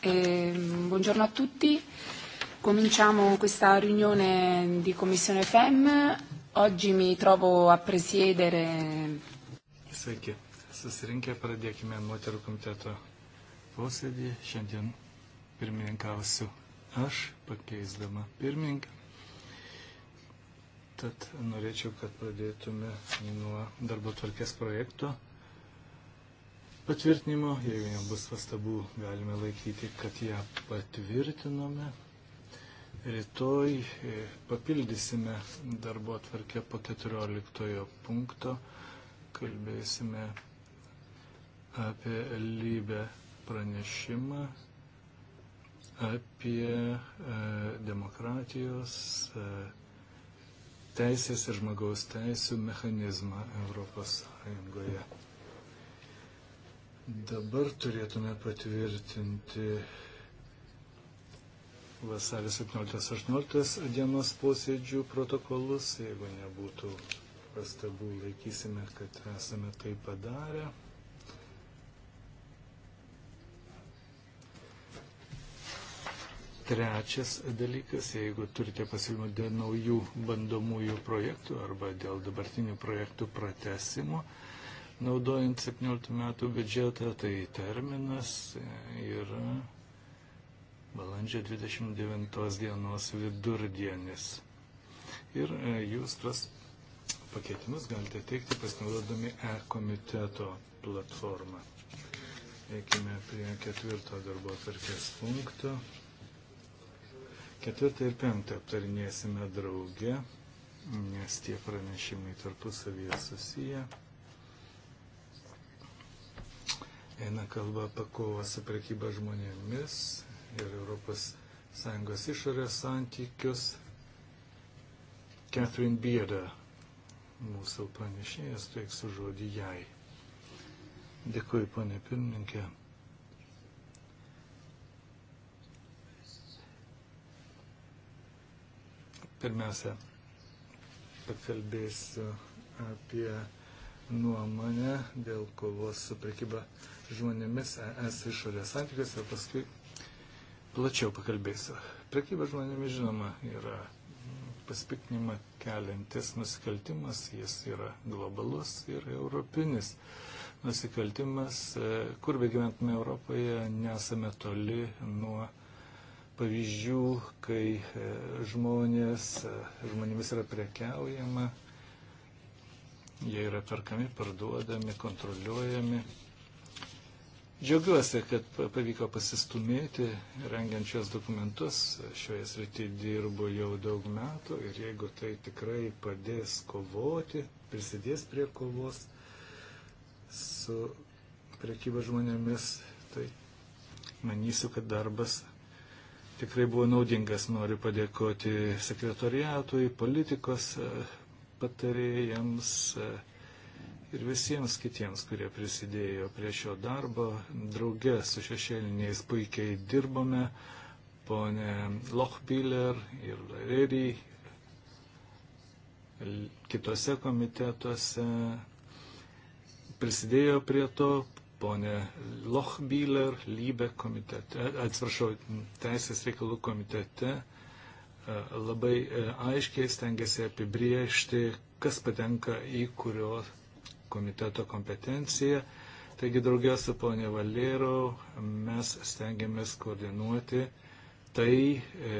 E, buongiorno a tutti. Cominciamo questa riunione di Commissione FEM. Oggi mi trovo a presiedere. Sveiki. Susirinkę pradėkime moterų komiteto posėdį. Šiandien pirmininkausiu aš, pakeisdama pirmininką. Tad norėčiau, kad pradėtume nuo darbo tvarkės projekto patvirtinimo. Jeigu nebus pastabų, galime laikyti, kad ją patvirtinome. Rytoj e, papildysime darbo atvarkę po 14 punkto. Kalbėsime apie lybę pranešimą, apie e, demokratijos, e, teisės ir žmogaus teisų mechanizmą Europos Sąjungoje. Dabar turėtume patvirtinti vasario 17-18 dienos posėdžių protokolus. Jeigu nebūtų pastabų, laikysime, kad esame tai padarę. Trečias dalykas, jeigu turite pasiūlymų dėl naujų bandomųjų projektų arba dėl dabartinių projektų pratesimo, naudojant 17 metų biudžetą, tai terminas yra balandžio 29 dienos vidurdienis. Ir e, jūs tas pakeitimus galite teikti pasinaudodami e-komiteto platformą. Eikime prie ketvirto darbo atvarkės punkto. Ketvirtą ir penktą aptarinėsime drauge, nes tie pranešimai tarpusavyje susiję. eina kalba apie kovą su prekyba žmonėmis ir ES išorės santykius. Catherine Bieda, mūsų pranešėjas, teiksiu žodį jai. Dėkuoju, ponė pirmininkė. Pirmiausia, pakalbėsiu apie nuomonę dėl kovos su prekyba žmonėmis e, ES išorės santykiuose, paskui plačiau pakalbėsiu. Prekyba žmonėmis, žinoma, yra pasipiktinimą keliantis nusikaltimas, jis yra globalus ir europinis nusikaltimas. E, kur begyventume Europoje, nesame toli nuo pavyzdžių, kai e, žmonės, žmonėmis yra prekiaujama, jie yra perkami, parduodami, kontroliuojami. Džiaugiuosi, kad pavyko pasistumėti, rengiant šios dokumentus. Šioje srityje dirbu jau daug metų ir jeigu tai tikrai padės kovoti, prisidės prie kovos su priekyba žmonėmis, tai manysiu, kad darbas tikrai buvo naudingas. Noriu padėkoti sekretoriatui, politikos e, patarėjams. E, ir visiems kitiems, kurie prisidėjo prie šio darbo. Drauge su šešėliniais puikiai dirbome, ponė Lochbiller ir Lerį, kitose komitetuose prisidėjo prie to, ponė Lochbiller, lybė komitete, atsiprašau, teisės reikalų komitete e, labai e, aiškiai stengiasi apibriežti, kas patenka į kurio komiteto kompetencija. Taigi, draugė su ponė Valero, mes stengiamės koordinuoti tai, e,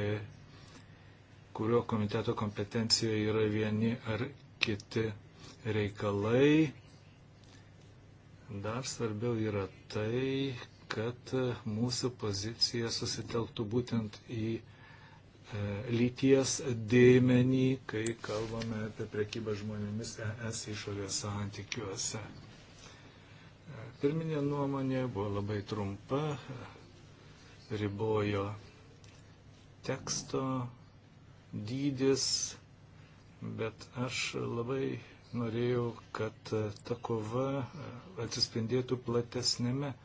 kurio komiteto kompetencija yra vieni ar kiti reikalai. Dar svarbiau yra tai, kad mūsų pozicija susitelktų būtent į E, lyties dėmenį, kai kalbame apie prekybą žmonėmis ES išorės santykiuose. E, pirminė nuomonė buvo labai trumpa, e, ribojo teksto dydis, bet aš labai norėjau, kad ta kova atsispindėtų platesnėme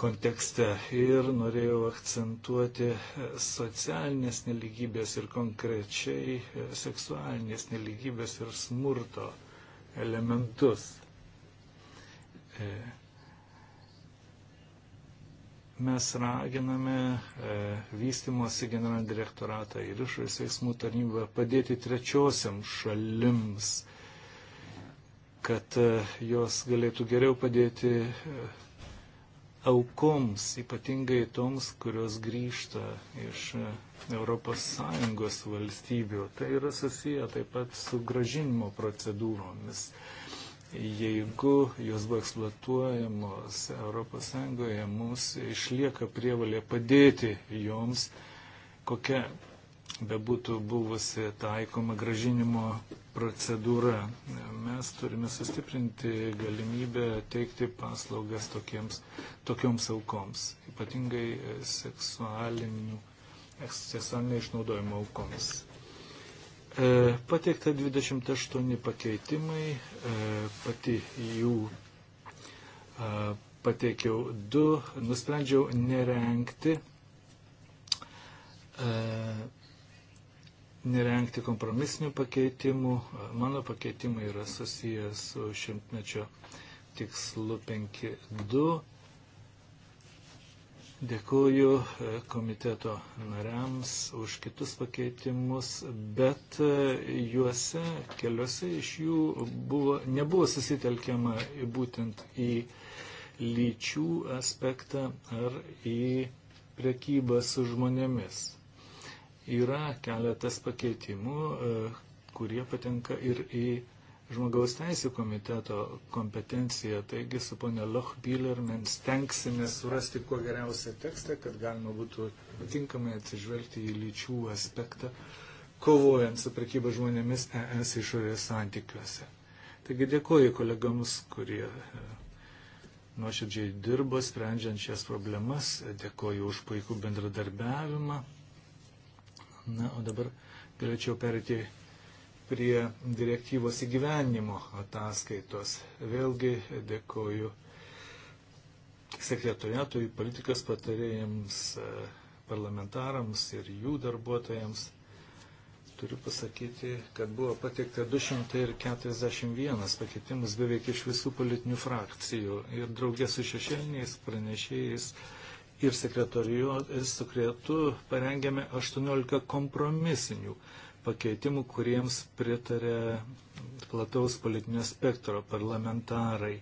kontekste ir norėjau akcentuoti socialinės neligybės ir konkrečiai seksualinės neligybės ir smurto elementus. E, mes raginame e, vystimosi generalinį direktoratą ir išorės veiksmų tarnybą padėti trečiosiam šalims, kad e, jos galėtų geriau padėti aukoms, ypatingai toms, kurios grįžta iš ES valstybių. Tai yra susiję taip pat su gražinimo procedūromis. Jeigu jos buvo eksploatuojamos ES, mums išlieka prievalė padėti joms, kokia bebūtų buvusi taikoma gražinimo procedūra. Mes turime sustiprinti galimybę teikti paslaugas tokiems, tokioms aukoms, ypatingai seksualinių, seksualinio išnaudojimo aukoms. E, pateikta 28 pakeitimai, e, pati jų e, pateikiau du, nusprendžiau nerenkti nerengti kompromisinių pakeitimų. Mano pakeitimai yra susijęs su šimtmečio tikslu 5.2. Dėkuoju e, komiteto nariams už kitus pakeitimus, bet e, juose, keliuose iš jų buvo, nebuvo susitelkiama būtent į lyčių aspektą ar į prekybą su žmonėmis. Yra keletas pakeitimų, e, kurie patenka ir į žmogaus teisų komiteto kompetenciją. Taigi su ponia Lochbiller mes tenksime surasti kuo geriausią tekstą, kad galima būtų tinkamai atsižvelgti į lyčių aspektą, kovojant su prekyba žmonėmis ES išorės santykiuose. Taigi dėkoju kolegams, kurie e, nuoširdžiai dirbo, sprendžiant šias problemas, dėkoju už puikų bendradarbiavimą. Na, o dabar galėčiau perėti prie direktyvos įgyvenimo ataskaitos. Vėlgi dėkoju sekretoriatui, politikas patarėjams, e, parlamentarams ir jų darbuotojams. Turiu pasakyti, kad buvo pateikta 241 pakeitimus beveik iš visų politinių frakcijų ir draugės su šešėliniais pranešėjais ir sekretu parengėme 18 kompromisinių pakeitimų, kuriems pritarė plataus politinio spektro parlamentarai.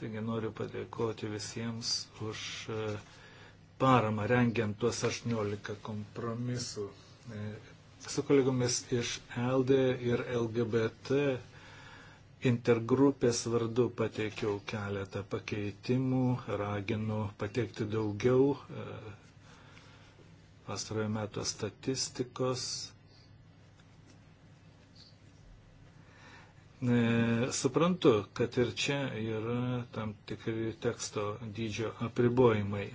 Taigi noriu padėkoti visiems už e, paramą rengiant tuos 18 kompromisų. E, su kolegomis iš LD ir LGBT Intergrupės vardu pateikiau keletą pakeitimų, raginu pateikti daugiau e, pastarojo meto statistikos. E, suprantu, kad ir čia yra tam tikri teksto dydžio apribojimai.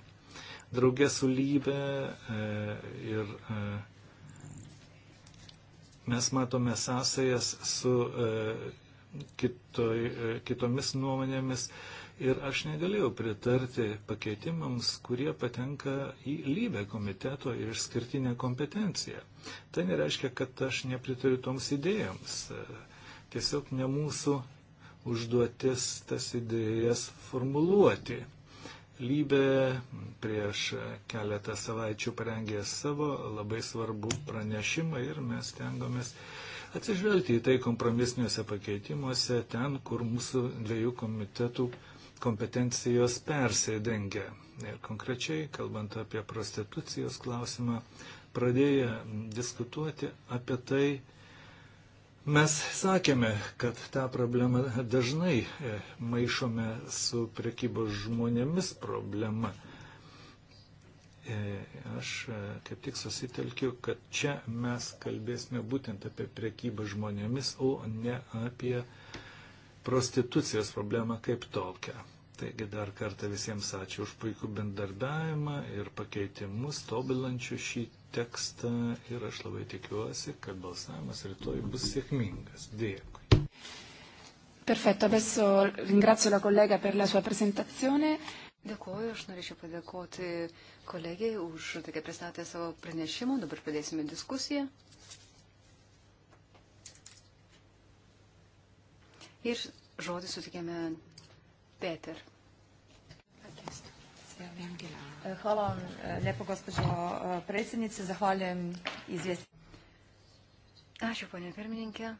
Draugė su lybė e, ir e, mes matome sąsajas su e, kitoj, e, kitomis nuomonėmis ir aš negalėjau pritarti pakeitimams, kurie patenka į lybę komiteto ir išskirtinę kompetenciją. Tai nereiškia, kad aš nepritariu toms idėjams. E, tiesiog ne mūsų užduotis tas idėjas formuluoti. Lybė prieš keletą savaičių parengė savo labai svarbų pranešimą ir mes tengiamės uh, atsižvelgti į tai kompromisiniuose pakeitimuose, ten, kur mūsų dviejų komitetų kompetencijos persidengia. Ir konkrečiai, kalbant apie prostitucijos klausimą, pradėję diskutuoti apie tai, mes sakėme, kad tą problemą dažnai e, maišome su prekybos žmonėmis problema. E, aš e, kaip tik susitelkiu, kad čia mes kalbėsime būtent apie priekybą žmonėmis, o ne apie prostitucijos problemą kaip tokią. Taigi dar kartą visiems ačiū už puikų bendarbiavimą ir pakeitimus, tobulančių šį tekstą ir aš labai tikiuosi, kad balsavimas rytoj bus sėkmingas. Dėkui. Perfetto, adesso ringrazio la collega per la sua presentazione. Dėkuoju, aš norėčiau padėkoti kolegijai už tai, kad pristatė savo pranešimą. Dabar pradėsime diskusiją. Ir žodį sutikėme Peter. Hvala vam e, lijepo, gospođo e, predsjednice. Zahvaljujem izvjestitelju. Ačiū, ponė pirmininkė.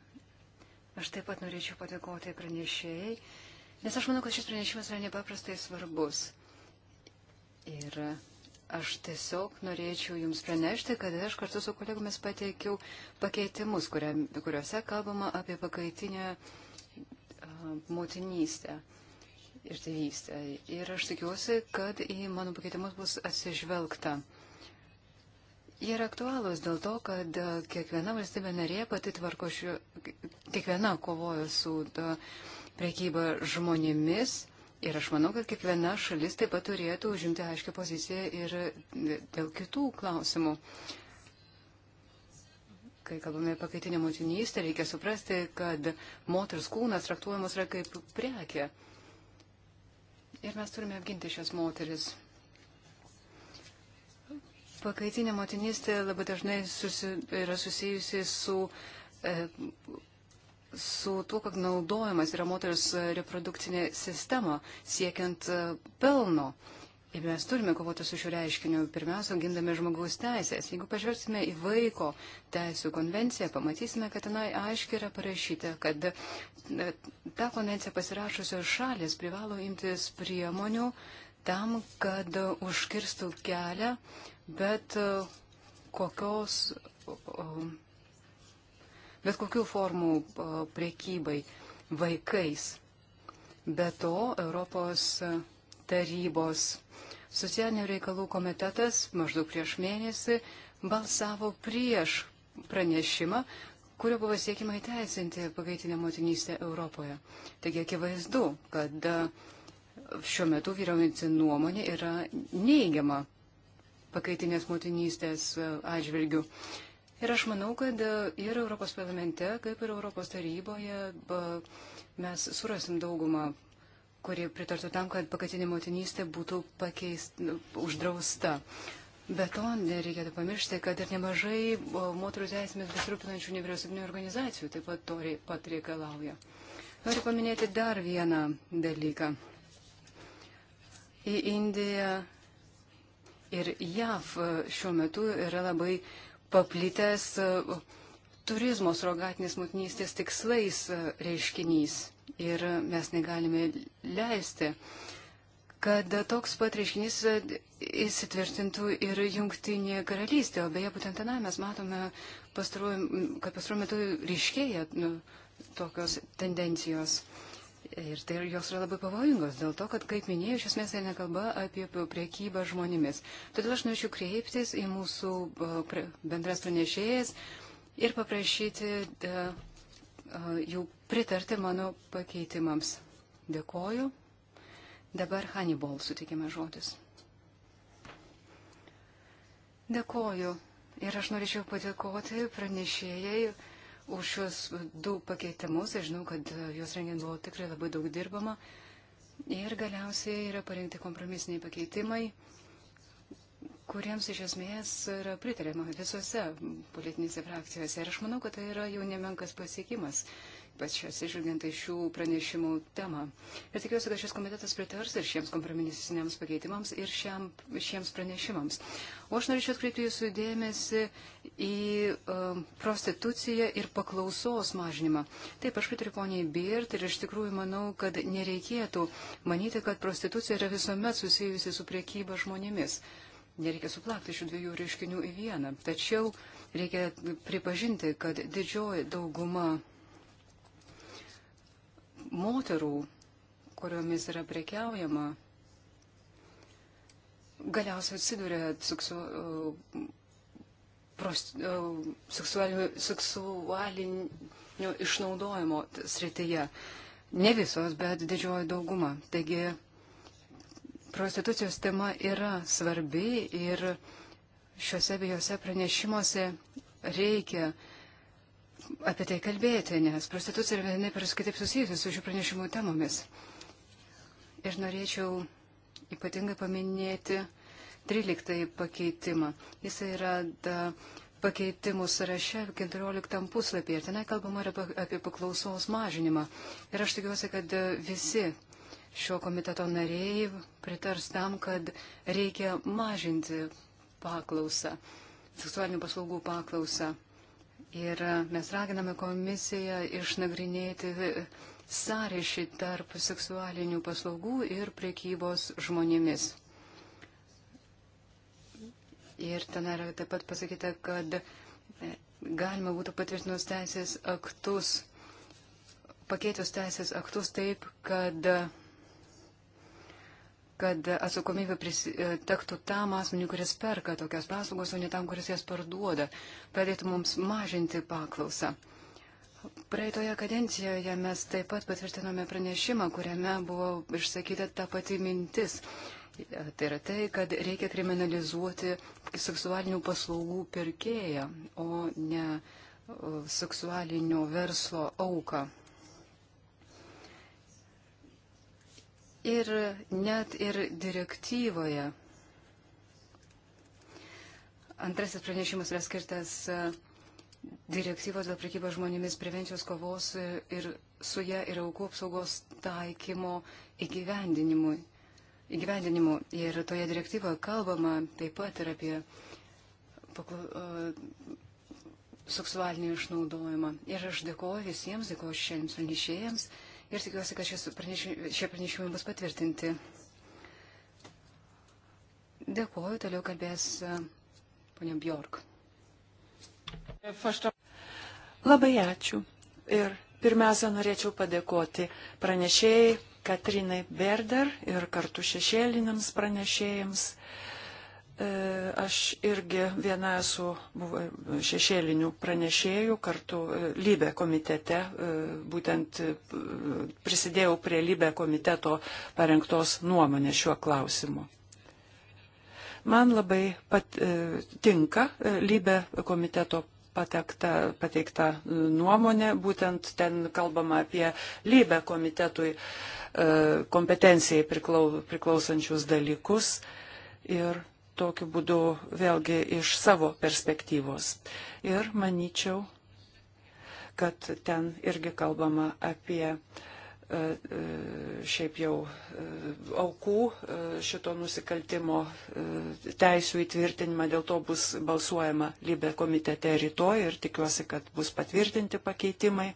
Aš taip pat norėčiau padėkoti pranešėjai Nes aš manau, kad šis pranešimas yra nepaprastai svarbus. Ir aš tiesiog norėčiau Jums pranešti, kad aš kartu su kolegomis pateikiau pakeitimus, kuriuose kalbama apie pakaitinę motinystę ir tėvystę. Ir aš tikiuosi, kad į mano pakeitimus bus atsižvelgta. Jie yra aktualūs dėl to, kad kiekviena valstybė narė pati tvarko šio, kiekviena kovoja su da, uh, prekybą žmonėmis. Ir aš manau, kad kiekviena šalis taip pat turėtų užimti aiškę poziciją ir dėl kitų klausimų. Kai kalbame apie pakaitinę motinystę, reikia suprasti, kad moters kūnas traktuojamas yra kaip prekė. Ir mes turime apginti šias moteris. Pakaitinė motinystė labai dažnai susi, yra susijusi su e, su tuo, kad naudojamas yra moters reprodukcinė sistema siekiant e, pelno. Ir mes turime kovoti su šiuo reiškiniu, pirmiausia, gindami žmogaus teisės. Jeigu pažvelgsime į vaiko teisų konvenciją, pamatysime, kad tenai aiškiai yra parašyta, kad e, tą konvenciją pasirašusios šalis privalo imtis priemonių tam, kad užkirstų kelią, bet e, kokios bet kokių formų priekybai vaikais. Be to, Europos tarybos socialinių reikalų komitetas maždaug prieš mėnesį balsavo prieš pranešimą, kurio buvo siekima įteisinti pakaitinę motinystę Europoje. Taigi akivaizdu, kad e, šiuo metu vyraujanti nuomonė yra neigiama pakaitinės motinystės e, atžvilgių. Ir aš manau, kad ir Europos parlamente, kaip ir Europos taryboje, ba, mes surasim daugumą, kuri pritartų tam, kad pakatinė motinystė būtų pakeist, uždrausta. Be to, nereikėtų pamiršti, kad ir nemažai moterų teisėmis besirūpinančių nevyriausybinių organizacijų taip pat to pat reikalauja. Noriu paminėti dar vieną dalyką. Į Indiją ir JAV e, šiuo metu yra labai uh, paplitęs e, turizmo surogatinės motinystės tikslais e, reiškinys. Ir mes negalime leisti, kad toks pat reiškinys e, įsitvirtintų ir jungtinėje karalystėje. O beje, būtent ten mes matome, pastaruoju, kad pastaruoju metu ryškėja nu, tokios tendencijos. Uh, Ir tai jos yra labai pavojingos dėl to, kad, kaip minėjau, iš esmės tai eina kalba apie priekybą žmonėmis. Todėl aš norėčiau kreiptis į mūsų bendras pranešėjas ir paprašyti e, e, jų pritarti mano pakeitimams. Dėkoju. Dabar Hannibal sutikime žodis. Dėkoju. Ir aš norėčiau padėkoti pranešėjai už šios du pakeitimus. Aš žinau, kad juos rengiant buvo tikrai labai daug dirbama. Ir galiausiai yra parengti kompromisiniai pakeitimai, kuriems iš esmės yra pritariama visose politinėse frakcijose. Ir aš manau, kad tai yra jau nemenkas pasiekimas. Uh, pačias išvelgiant iš šių pranešimų temą. Ir tikiuosi, kad šis komitetas pritars ir šiems kompromisiniams pakeitimams, ir šiam, šiems pranešimams. O aš norėčiau atkreipti jūsų dėmesį į uh, prostituciją ir paklausos mažinimą. Taip, aš pritariu poniai Birt ir iš tikrųjų manau, kad nereikėtų manyti, kad prostitucija yra visuomet susijusi su priekyba žmonėmis. Nereikia suplakti šių dviejų reiškinių į vieną. Tačiau reikia pripažinti, kad didžioji dauguma moterų, kuriomis yra prekiaujama, galiausiai atsiduria seksu, prost, seksualinio, seksualinio išnaudojimo srityje. Ne visos, bet didžioji dauguma. Taigi prostitucijos tema yra svarbi ir šiuose abiejose pranešimuose reikia uh, apie tai kalbėti, nes prostitucija yra vienaip ir kitaip susijusi su šių pranešimų temomis. Ir norėčiau ypatingai paminėti 13 pakeitimą. Jis yra da, pakeitimų sąraše 14 puslapyje ir tenai kalbama yra apie paklausos mažinimą. Ir aš tikiuosi, kad visi šio komiteto nariai pritars tam, kad reikia mažinti paklausą, seksualinių paslaugų paklausą. Ir e, mes raginame komisiją išnagrinėti e, sąryšį tarp seksualinių paslaugų ir priekybos žmonėmis. Ir ten yra taip pat pasakyta, kad e, galima būtų patvirtinus teisės aktus, pakeitus teisės aktus taip, kad kad atsakomybė e, tektų tam asmeniu, kuris perka tokias paslaugas, o ne tam, kuris jas parduoda, padėtų mums mažinti paklausą. Praeitoje kadencijoje mes taip pat patvirtinome pranešimą, kuriame buvo išsakyta ta pati mintis. Tai yra tai, kad reikia kriminalizuoti seksualinių paslaugų pirkėją, o ne e, seksualinio verslo auką. Ir net ir direktyvoje. Antrasis pranešimas yra skirtas e, direktyvos dėl prekybos žmonėmis prevencijos kovos e, ir su ją ir aukų apsaugos taikymo įgyvendinimui. įgyvendinimu. Ir toje direktyvoje kalbama taip pat ir apie paklu, e, seksualinį išnaudojimą. Ir aš dėkoju visiems, dėkoju šiems pranešėjams. Šiandien ir tikiuosi, kad šie pranešimai bus patvirtinti. Dėkuoju, toliau kalbės e, ponia Bjork. Labai ačiū. Ir pirmiausia, norėčiau padėkoti pranešėjai Katrinai Berder ir kartu šešėliniams pranešėjams. Uh, E, aš irgi viena esu e, šešėlinių pranešėjų kartu e, Lybė komitete, būtent prisidėjau prie Lybė komiteto parengtos nuomonės šiuo klausimu. Man labai pat, tinka Lybė komiteto patekta, pateikta nuomonė, būtent ten kalbama apie Lybę komitetui kompetencijai priklau, priklausančius dalykus. Ir tokiu būdu vėlgi iš savo perspektyvos. Ir manyčiau, kad ten irgi kalbama apie e, e, šiaip jau e, aukų šito nusikaltimo teisų įtvirtinimą, dėl to bus balsuojama Libė komitete rytoj ir tikiuosi, kad bus patvirtinti pakeitimai.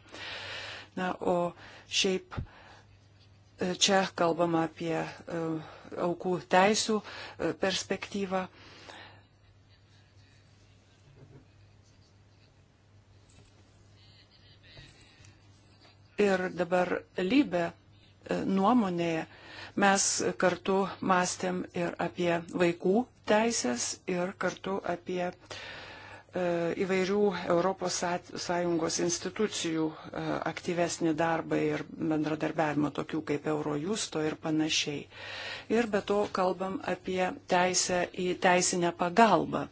Na, o šiaip uh, Čia kalbama apie e, aukų teisų e, perspektyvą. Ir dabar lybė e, nuomonėje mes kartu mąstėm ir apie vaikų teisės, ir kartu apie uh, E, įvairių ES institucijų e, aktyvesnį darbą ir bendradarbiavimą, tokių kaip Eurojusto ir panašiai. Ir be to kalbam apie teisę į teisinę pagalbą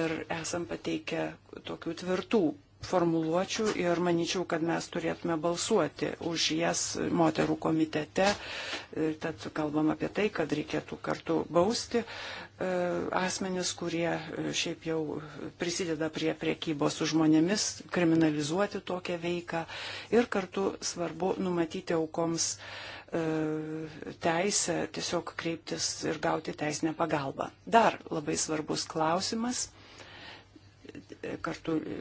ir esam pateikę tokių tvirtų formuluočių ir manyčiau, kad mes turėtume balsuoti už jas moterų komitete. E, tad kalbam apie tai, kad reikėtų kartu bausti e, asmenis, kurie e, šiaip jau prisideda prie priekybos su žmonėmis, kriminalizuoti tokią veiką ir kartu svarbu numatyti aukoms teisę tiesiog kreiptis ir gauti teisinę pagalbą. Dar labai svarbus klausimas kartu e,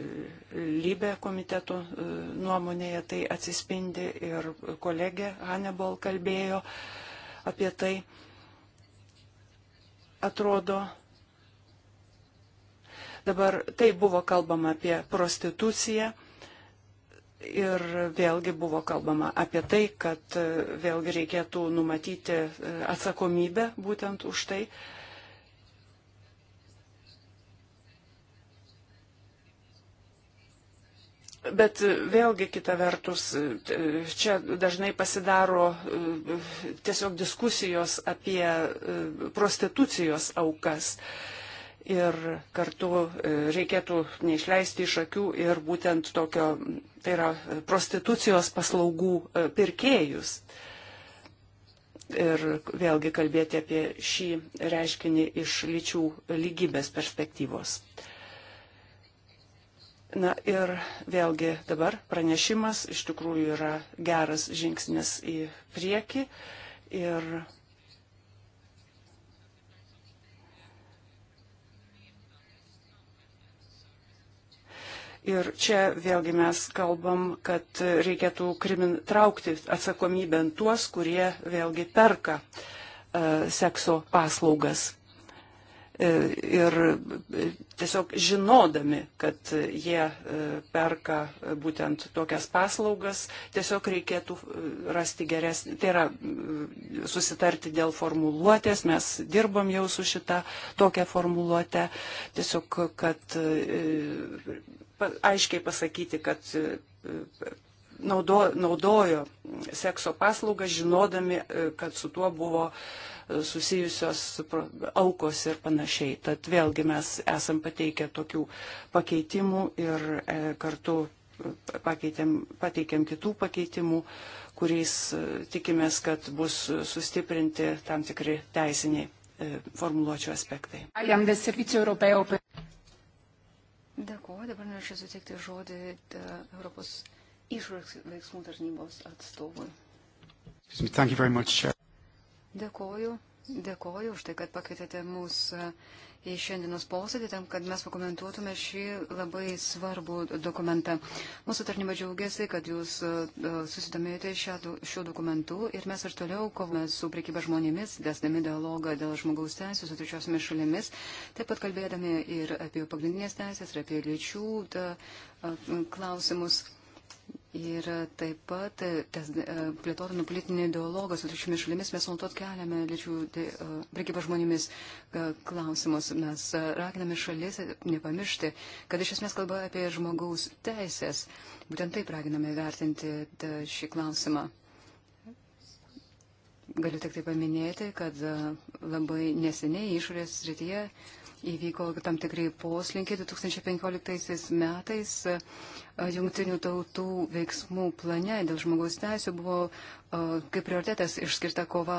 lybė komiteto e, nuomonėje tai atsispindi ir kolegė Hannibal kalbėjo apie tai. Atrodo, dabar tai buvo kalbama apie prostituciją ir vėlgi buvo kalbama apie tai, kad e, vėlgi reikėtų numatyti atsakomybę būtent už tai. Bet vėlgi kita vertus, čia dažnai pasidaro tiesiog diskusijos apie e, prostitucijos aukas. Ir kartu e, reikėtų neišleisti iš akių ir būtent tokio, tai yra prostitucijos paslaugų e, pirkėjus. Ir vėlgi kalbėti apie šį reiškinį iš lyčių lygybės perspektyvos. Uh, Na ir vėlgi dabar pranešimas iš tikrųjų yra geras žingsnis į priekį ir Ir čia vėlgi mes kalbam, kad reikėtų krimin, traukti atsakomybę tuos, kurie vėlgi perka e, sekso paslaugas. E, ir e, tiesiog žinodami, kad jie e, perka būtent tokias paslaugas, tiesiog reikėtų rasti geresnį, tai yra susitarti dėl formuluotės, mes dirbam jau su šita tokia formuluotė, tiesiog kad aiškiai pasakyti, kad naudo, naudojo sekso paslaugą, žinodami, kad su tuo buvo susijusios aukos ir panašiai. Tad vėlgi mes esam pateikę tokių pakeitimų ir e, kartu e, pakeitėm, pateikėm kitų pakeitimų, kuriais e, tikimės, kad bus sustiprinti tam tikri teisiniai formuluočių aspektai. Dėkuoju, dabar norėčiau sutikti žodį Europos išveiksmų tarnybos atstovui. Dėkoju. Dėkoju už tai, kad pakvietėte mūsų e, į šiandienos posėdį, tam, kad mes pakomentuotume šį labai svarbų dokumentą. Mūsų tarnyba džiaugiasi, kad jūs e, e, susidomėjote šiuo dokumentu ir mes ir toliau kovome su priekyba žmonėmis, desdami dialogą dėl žmogaus teisų su trečiosiomis šalimis, taip pat kalbėdami ir apie pagrindinės teisės, ir apie lyčių ta, klausimus. Ir taip pat e, tas e, plėtotinų politinį dialogą su trečiomis šalimis mes nuolat keliame lyčių tai, e, prekybos žmonėmis klausimus. Mes raginame šalis nepamiršti, kad iš esmės kalba apie žmogaus teisės. Būtent taip raginame vertinti šį klausimą. Galiu tik tai paminėti, kad labai neseniai išorės srityje įvyko tam tikrai poslinkiai 2015 metais. E, jungtinių tautų veiksmų plane dėl žmogaus teisų buvo e, kaip prioritetas išskirta kova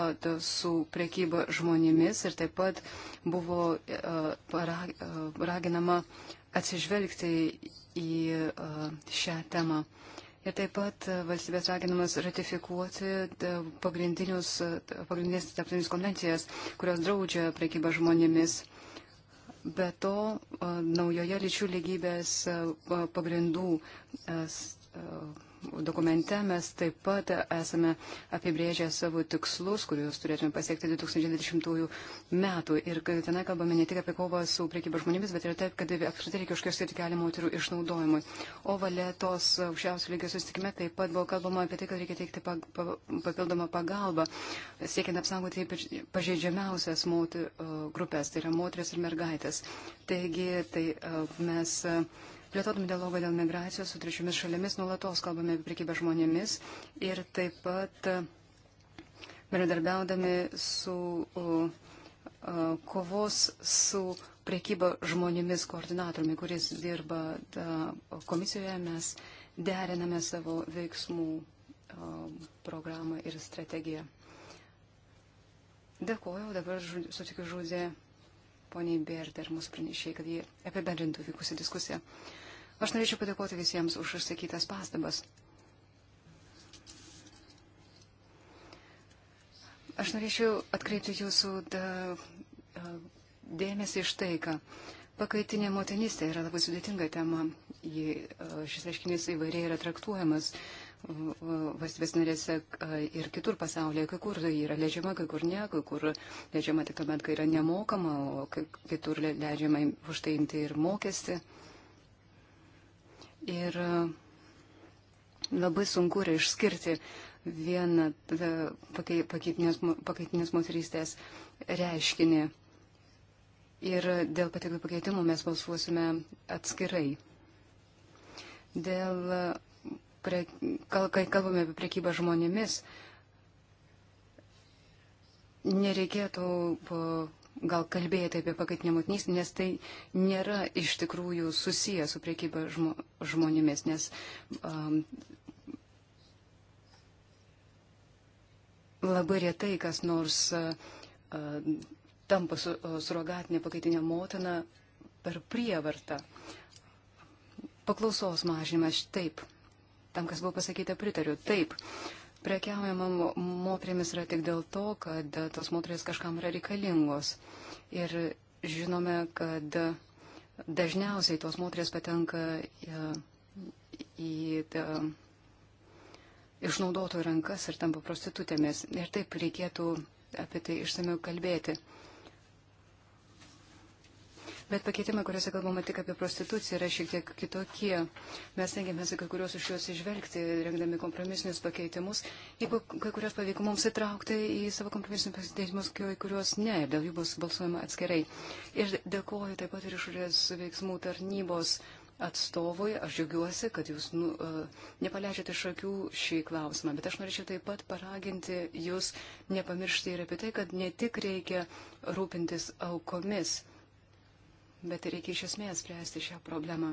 su priekyba žmonėmis ir taip pat buvo e, raginama atsižvelgti į šią temą. Ir taip pat valstybės raginamas ratifikuoti pagrindinės tarptautinės konvencijas, kurios draudžia prekybą žmonėmis. Be to, naujoje lyčių lygybės pagrindų dokumente mes taip pat esame apibrėžę savo tikslus, kuriuos turėtume pasiekti 2020 metų. Ir tenai kalbame ne tik apie kovą su priekyba žmonėmis, bet ir taip, kad apskritai reikia užkirsti kelią moterų išnaudojimui. O valėtos aukščiausio lygio susitikime taip pat buvo kalbama apie tai, kad reikia teikti papildomą pagalbą, siekiant apsaugoti pažeidžiamiausias moterų grupės, tai yra moteris ir mergaitės. Taigi, tai mes. Uh, Plėtodami dialogą dėl migracijos su trečiomis šalimis nuolatos kalbame apie prekybę žmonėmis ir taip pat e, bendradarbiaudami su e, kovos su prekyba žmonėmis koordinatoriumi, kuris dirba komisijoje, mes deriname savo veiksmų programą ir strategiją. Dėkuoju, dabar sutikiu žodį poniai Berder, mūsų pranešėjai, kad jie apibendrintų vykusią diskusiją. Aš norėčiau padėkoti visiems už išsakytas pastabas. Aš norėčiau atkreipti jūsų da, dėmesį iš tai, ką pakaitinė motinystė yra labai sudėtinga tema. Ji, šis reiškinys įvairiai yra traktuojamas valstybės narėse ir kitur pasaulyje, kai kur tai yra leidžiama, kai kur ne, kai kur leidžiama tik tuomet, kai yra nemokama, o kai kitur leidžiama už tai imti ir mokestį. Ir e, labai sunku yra išskirti vieną e, pakaitinės moterystės reiškinį. Ir dėl patiklių pakeitimų mes balsuosime atskirai. Dėl, e, pre, kal, kai kalbame apie prekybą žmonėmis, nereikėtų gal kalbėjote apie pakatinę motinystę, nes tai nėra iš tikrųjų susiję su priekyba žmo, žmonėmis, nes um, labai retai kas nors uh, tampa su, uh, surogatinė pakaitinė motina per prievartą. Paklausos mažinimas, taip. Tam, kas buvo pasakyta, pritariu. Taip. Uh, prekiaujama moteriamis yra tik dėl to, kad tos moteris kažkam yra reikalingos. Ir žinome, kad dažniausiai tos moteris patenka e, į e, išnaudotojų rankas ir tampa prostitutėmis. Ir taip reikėtų apie tai išsamiau kalbėti. Bet pakeitimai, kuriuose kalbama tik apie prostituciją, yra šiek tiek kitokie. Mes tengiamės kai kuriuos iš juos išvelgti, rengdami kompromisinius pakeitimus. Jeigu kai kurios pavyko mums įtraukti į savo kompromisinius pakeitimus, kai kuriuos ne, dėl jų bus balsuojama atskirai. Ir dėkoju taip pat ir išorės veiksmų tarnybos atstovui, aš džiaugiuosi, kad jūs nu, uh, nepaleidžiate iš akių šį klausimą, bet aš norėčiau taip pat paraginti jūs nepamiršti ir apie tai, kad ne tik reikia rūpintis aukomis, bet reikia iš esmės spręsti šią problemą.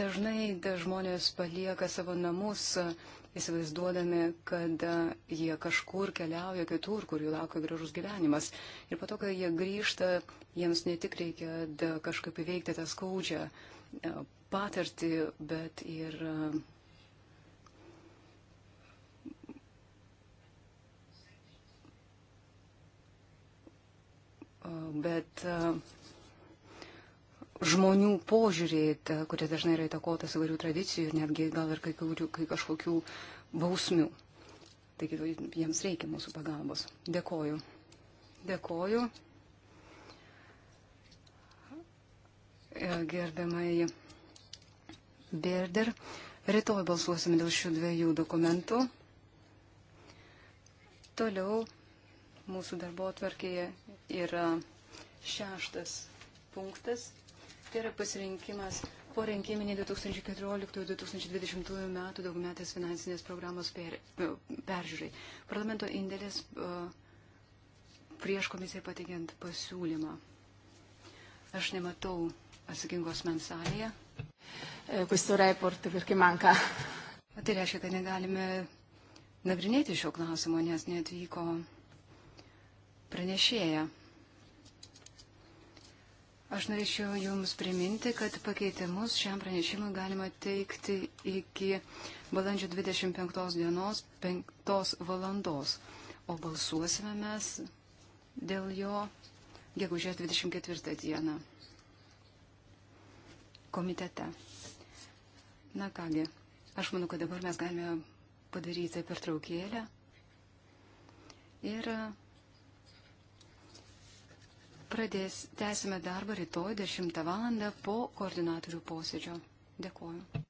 Dažnai da žmonės palieka savo namus, įsivaizduodami, kad jie kažkur keliauja kitur, kur jų laukia gražus gyvenimas. Ir po to, kai jie grįžta, jiems ne tik reikia da, kažkaip įveikti tą skaudžią patirtį, bet ir uh, E, žmonių požiūrį, kuris dažnai yra įtakotas įvairių tradicijų ir netgi gal ir kai, kurių, kai kažkokių bausmių. Taigi jiems reikia mūsų pagalbos. Dėkoju. Dėkoju. E, gerbiamai Berder, rytoj balsuosime dėl šių dviejų dokumentų. Toliau mūsų darbo atvarkėje yra šeštas punktas. Tai yra pasirinkimas po rinkiminį 2014-2020 metų daugmetės finansinės programos per, e, peržiūrai. Parlamento indėlis e, prieš komisiją pateikiant pasiūlymą. Aš nematau atsakingos mensalėje. E, questo report, perché manca. Tai reiškia, kad negalime nagrinėti šio klausimo, nes netvyko pranešėja. Aš norėčiau Jums priminti, kad pakeitimus šiam pranešimui galima teikti iki balandžio 25 dienos 5 valandos, o balsuosime mes dėl jo gegužės 24 dieną komitete. Na kągi, aš manau, kad dabar mes galime padaryti pertraukėlę ir pradės, tęsime darbą rytoj 10 val. po koordinatorių posėdžio. Dėkuoju.